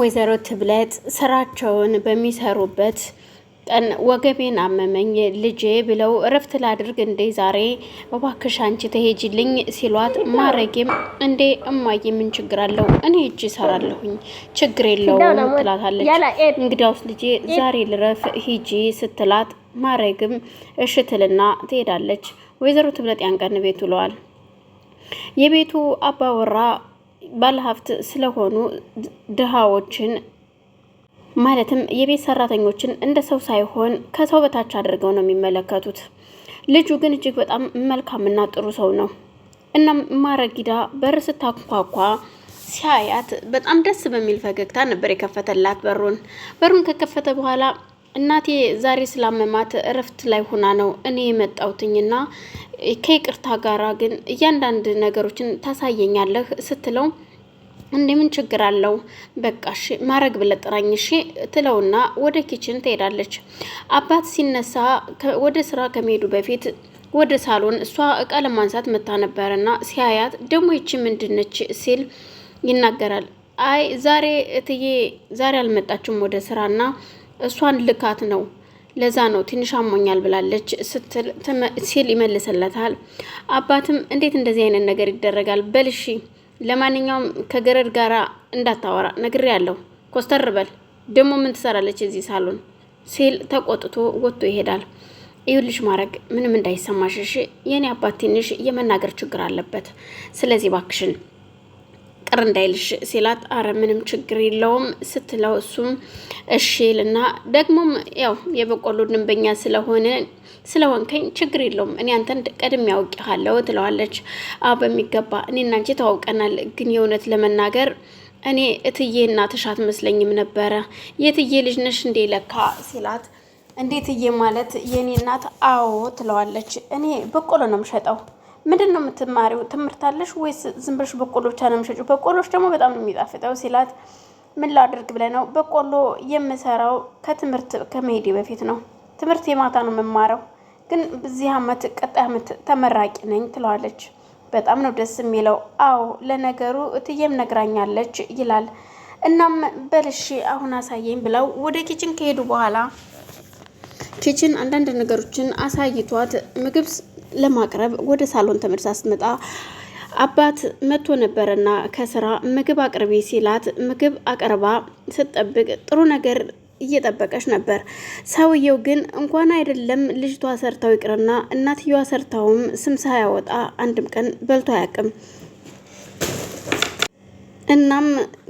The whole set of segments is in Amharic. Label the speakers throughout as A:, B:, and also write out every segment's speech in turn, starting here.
A: ወይዘሮ ትብለጥ ስራቸውን በሚሰሩበት ቀን ወገቤን አመመኝ ልጄ ብለው እረፍት ላድርግ እንዴ ዛሬ እባክሽ አንቺ ተሄጂልኝ ሲሏት፣ ማረጌም እንዴ እማዬ ምን ችግር አለው እኔ እጅ ይሰራለሁኝ ችግር የለውም ትላታለች። እንግዲያውስ ልጄ ዛሬ ልረፍ ሂጂ ስትላት፣ ማረግም እሽትልና ትሄዳለች። ወይዘሮ ትብለጥ ያን ቀን ቤት ውለዋል። የቤቱ አባወራ ባለሀብት ስለሆኑ ድሃዎችን ማለትም የቤት ሰራተኞችን እንደ ሰው ሳይሆን ከሰው በታች አድርገው ነው የሚመለከቱት። ልጁ ግን እጅግ በጣም መልካምና ጥሩ ሰው ነው። እናም ማረጊዳ በር ስታንኳኳ ሲያያት በጣም ደስ በሚል ፈገግታ ነበር የከፈተላት በሩን። በሩን ከከፈተ በኋላ እናቴ ዛሬ ስላመማት እረፍት ላይ ሆና ነው እኔ የመጣውትኝና ከይቅርታ ጋራ ግን እያንዳንድ ነገሮችን ታሳየኛለህ ስትለው እንዴ ምን ችግር አለው? በቃ እሺ ማረግ ብለ ጥራኝ እሺ ትለውና ወደ ኪችን ትሄዳለች። አባት ሲነሳ ወደ ስራ ከመሄዱ በፊት ወደ ሳሎን እሷ እቃ ለማንሳት መታ ነበረና ሲያያት ደግሞ ይቺ ምንድነች ሲል ይናገራል። አይ ዛሬ እትዬ ዛሬ አልመጣችሁም ወደ ስራና እሷን ልካት ነው ለዛ ነው ትንሽ አሞኛል ብላለች ሲል ይመልስለታል። አባትም እንዴት እንደዚህ አይነት ነገር ይደረጋል? በልሺ ለማንኛውም ከገረድ ጋራ እንዳታወራ ነግሬ ያለው ኮስተር በል ደግሞ ምን ትሰራለች እዚህ ሳሎን ሲል ተቆጥቶ ወጥቶ ይሄዳል። ይኸውልሽ ማድረግ ምንም እንዳይሰማሽ የእኔ አባት ትንሽ የመናገር ችግር አለበት። ስለዚህ ባክሽን ቅር እንዳይልሽ ሲላት፣ አረ ምንም ችግር የለውም ስትለው እሱም እሺ ይልና ደግሞም ያው የበቆሎ ደንበኛ ስለሆነ ስለሆንከኝ ችግር የለውም እኔ አንተን ቀድሜ ያውቅሃለሁ ትለዋለች። አዎ በሚገባ እኔና አንቺ ተዋውቀናል። ግን የእውነት ለመናገር እኔ እትዬ እናትሽ አትመስለኝም ነበረ። የትዬ ልጅ ነሽ እንዴ ለካ ሲላት እንዴትዬ ማለት የእኔ እናት? አዎ ትለዋለች። እኔ በቆሎ ነው የምሸጠው ምንድን ነው የምትማሪው? ትምህርት አለሽ ወይስ ዝም ብለሽ በቆሎ ብቻ ነው የምሸጩ? በቆሎች ደግሞ በጣም ነው የሚጣፍጠው ሲላት ምን ላድርግ ብለህ ነው? በቆሎ የምሰራው ከትምህርት ከመሄዴ በፊት ነው። ትምህርት የማታ ነው የምማረው፣ ግን በዚህ አመት ቀጣይ አመት ተመራቂ ነኝ ትለዋለች። በጣም ነው ደስ የሚለው። አዎ ለነገሩ እትዬም ነግራኛለች ይላል። እናም በልሽ አሁን አሳየኝ ብለው ወደ ኪችን ከሄዱ በኋላ ኪችን አንዳንድ ነገሮችን አሳይቷት ምግብ ለማቅረብ ወደ ሳሎን ተመልሳ ስትመጣ አባት መጥቶ ነበረና ከስራ ምግብ አቅርቢ ሲላት ምግብ አቅርባ ስትጠብቅ ጥሩ ነገር እየጠበቀች ነበር። ሰውየው ግን እንኳን አይደለም ልጅቷ ሰርታው ይቅርና እናትየዋ ሰርታውም ስም ሳያወጣ አንድም ቀን በልቶ አያውቅም። እናም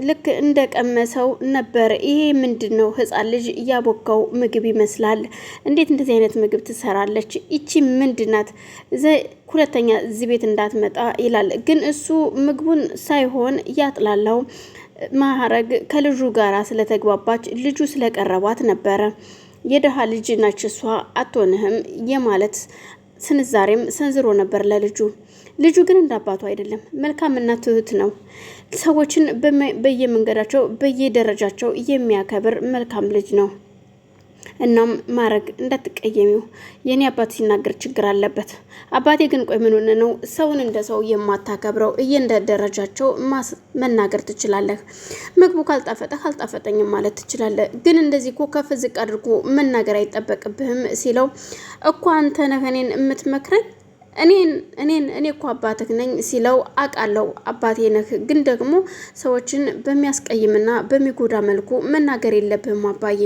A: ልክ እንደቀመሰው ነበር። ይሄ ምንድን ነው? ህፃን ልጅ እያቦካው ምግብ ይመስላል። እንዴት እንደዚህ አይነት ምግብ ትሰራለች? ይቺ ምንድናት? ሁለተኛ እዚህ ቤት እንዳትመጣ ይላል። ግን እሱ ምግቡን ሳይሆን ያጥላላው ማረግ ከልጁ ጋር ስለተግባባች ልጁ ስለቀረባት ነበረ። የድሃ ልጅ ናች እሷ አትሆንህም የማለት ስንዛሬም ሰንዝሮ ነበር ለልጁ ልጁ ግን አባቱ አይደለም። መልካምና ትሁት ነው። ሰዎችን በየመንገዳቸው በየደረጃቸው የሚያከብር መልካም ልጅ ነው። እናም ማድረግ እንዳትቀየሚው። የኔ አባት ሲናገር ችግር አለበት። አባቴ ግን ቆይ ምን ሆነ ነው ሰውን እንደ ሰው የማታከብረው? እየንደደረጃቸው መናገር ትችላለህ። ምግቡ ካልጣፈጠህ አልጣፈጠኝም ማለት ትችላለህ። ግን እንደዚህ እኮ ከፍ ዝቅ አድርጎ መናገር አይጠበቅብህም ሲለው እኮ አንተ ነህ እኔን የምትመክረኝ እኔን እኔን እኔ እኮ አባትህ ነኝ ሲለው አቃለው አባቴ ነህ፣ ግን ደግሞ ሰዎችን በሚያስቀይምና በሚጎዳ መልኩ መናገር የለብህም አባዬ።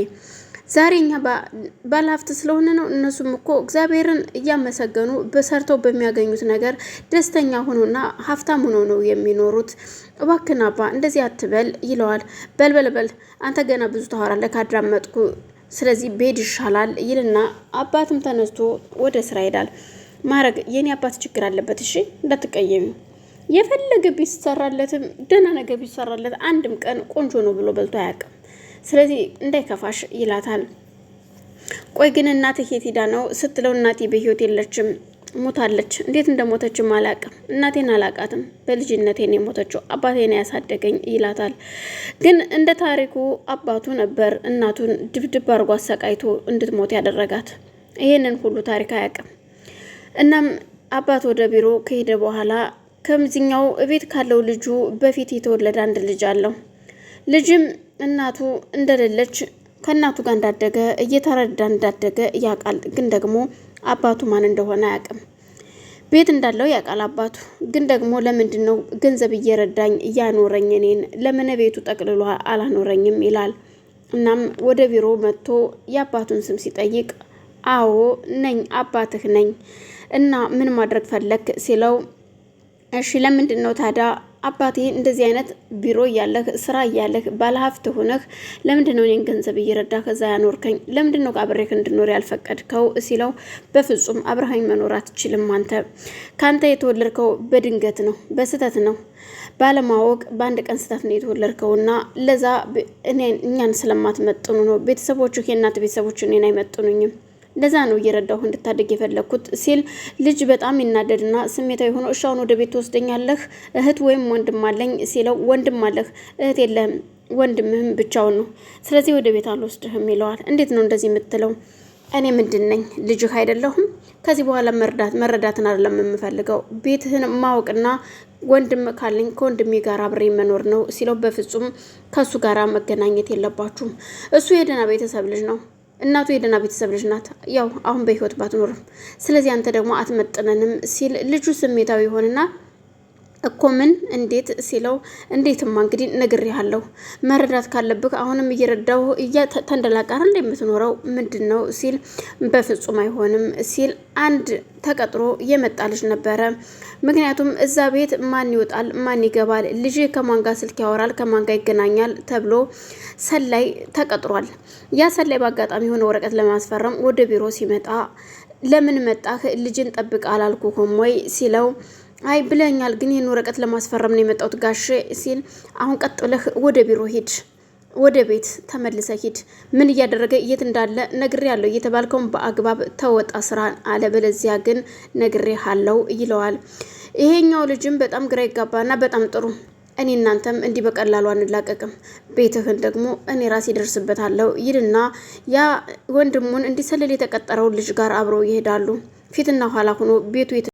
A: ዛሬ እኛ ባለሀብት ስለሆነ ነው። እነሱም እኮ እግዚአብሔርን እያመሰገኑ በሰርተው በሚያገኙት ነገር ደስተኛ ሆኖና ሀብታም ሆኖ ነው የሚኖሩት። እባክን አባ እንደዚህ አትበል ይለዋል። በልበልበል አንተ ገና ብዙ ታወራለህ ካዳመጥኩ፣ ስለዚህ ብሄድ ይሻላል ይልና አባትም ተነስቶ ወደ ስራ ይሄዳል። ማረግ የኔ አባት ችግር አለበት። እሺ እንዳትቀየሚ። የፈለገ ቢሰራለትም ደህና ነገር ቢሰራለት አንድም ቀን ቆንጆ ነው ብሎ በልቶ አያውቅም። ስለዚህ እንዳይከፋሽ ይላታል። ቆይ ግን እናትህ የት ሄዳ ነው ስትለው እናቴ በህይወት የለችም ሞታለች። እንዴት እንደሞተችም አላቅም። እናቴን አላቃትም። በልጅነቴን የሞተችው አባቴን ያሳደገኝ ይላታል። ግን እንደ ታሪኩ አባቱ ነበር እናቱን ድብድብ አድርጎ አሰቃይቶ እንድትሞት ያደረጋት። ይህንን ሁሉ ታሪክ አያቅም። እናም አባት ወደ ቢሮ ከሄደ በኋላ ከምዚኛው እቤት ካለው ልጁ በፊት የተወለደ አንድ ልጅ አለው። ልጅም እናቱ እንደሌለች ከእናቱ ጋር እንዳደገ እየተረዳ እንዳደገ ያውቃል። ግን ደግሞ አባቱ ማን እንደሆነ አያውቅም። ቤት እንዳለው ያውቃል አባቱ። ግን ደግሞ ለምንድን ነው ገንዘብ እየረዳኝ እያኖረኝ እኔን ለምን ቤቱ ጠቅልሎ አላኖረኝም ይላል። እናም ወደ ቢሮ መጥቶ የአባቱን ስም ሲጠይቅ አዎ ነኝ አባትህ ነኝ እና ምን ማድረግ ፈለክ ሲለው እሺ ለምንድን ነው ታዲያ አባቴ እንደዚህ አይነት ቢሮ እያለህ ስራ እያለህ ባለሀብት ሆነህ ለምንድን ነው እኔን ገንዘብ እየረዳ ከዛ ያኖርከኝ? ለምንድን ነው አብሬህ እንድኖር ያልፈቀድከው? ሲለው በፍጹም አብረሃኝ መኖር አትችልም። አንተ ከአንተ የተወለድከው በድንገት ነው፣ በስህተት ነው፣ ባለማወቅ በአንድ ቀን ስህተት ነው የተወለድከውና ለዛ እኔን እኛን ስለማትመጥኑ ነው ቤተሰቦችህ፣ የእናት ቤተሰቦች እኔን አይመጥኑኝም ለዛ ነው እየረዳሁ እንድታደግ የፈለግኩት ሲል ልጅ በጣም ይናደድና ስሜታዊ ሆኖ እሻውን ወደ ቤት ትወስደኛለህ? እህት ወይም ወንድም አለኝ ሲለው ወንድም አለህ፣ እህት የለህም፣ ወንድምህም ብቻውን ነው። ስለዚህ ወደ ቤት አልወስድህም ይለዋል። እንዴት ነው እንደዚህ የምትለው? እኔ ምንድን ነኝ? ልጅህ አይደለሁም? ከዚህ በኋላ መረዳት መረዳትን አይደለም የምፈልገው ቤትህን ማወቅና ወንድም ካለኝ ከወንድሜ ጋር አብሬ መኖር ነው ሲለው፣ በፍጹም ከእሱ ጋር መገናኘት የለባችሁም። እሱ የደህና ቤተሰብ ልጅ ነው። እናቱ የደህና ቤተሰብ ልጅ ናት፣ ያው አሁን በህይወት ባትኖርም። ስለዚህ አንተ ደግሞ አትመጥነንም ሲል ልጁ ስሜታዊ ይሆንና እኮ ምን እንዴት ሲለው እንዴትማ እንግዲህ ነግሬሃለሁ፣ መረዳት ካለብህ አሁንም እየረዳው እያተንደላቀረ እንደምትኖረው ምንድን ነው ሲል በፍጹም አይሆንም ሲል አንድ ተቀጥሮ የመጣ ልጅ ነበረ። ምክንያቱም እዛ ቤት ማን ይወጣል ማን ይገባል፣ ልጅ ከማን ጋር ስልክ ያወራል ከማን ጋር ይገናኛል ተብሎ ሰላይ ተቀጥሯል። ያ ሰላይ በአጋጣሚ የሆነ ወረቀት ለማስፈረም ወደ ቢሮ ሲመጣ ለምን መጣህ ልጅን ጠብቅ አላልኩህም ወይ ሲለው አይ ብለኛል፣ ግን ይህን ወረቀት ለማስፈረም ነው የመጣሁት ጋሼ ሲል አሁን ቀጥ ብለህ ወደ ቢሮ ሂድ፣ ወደ ቤት ተመልሰ ሂድ። ምን እያደረገ የት እንዳለ ነግሬሃለሁ። እየተባልከውን በአግባብ ተወጣ አለ፣ በለዚያ ግን ነግሬሃለሁ ይለዋል። ይሄኛው ልጅም በጣም ግራ ይጋባና በጣም ጥሩ እኔ እናንተም እንዲህ በቀላሉ አንላቀቅም፣ ቤትህን ደግሞ እኔ ራሴ ደርስበታለሁ ይልና ያ ወንድሙን እንዲሰልል የተቀጠረውን ልጅ ጋር አብረው ይሄዳሉ። ፊትና ኋላ ሆኖ ቤቱ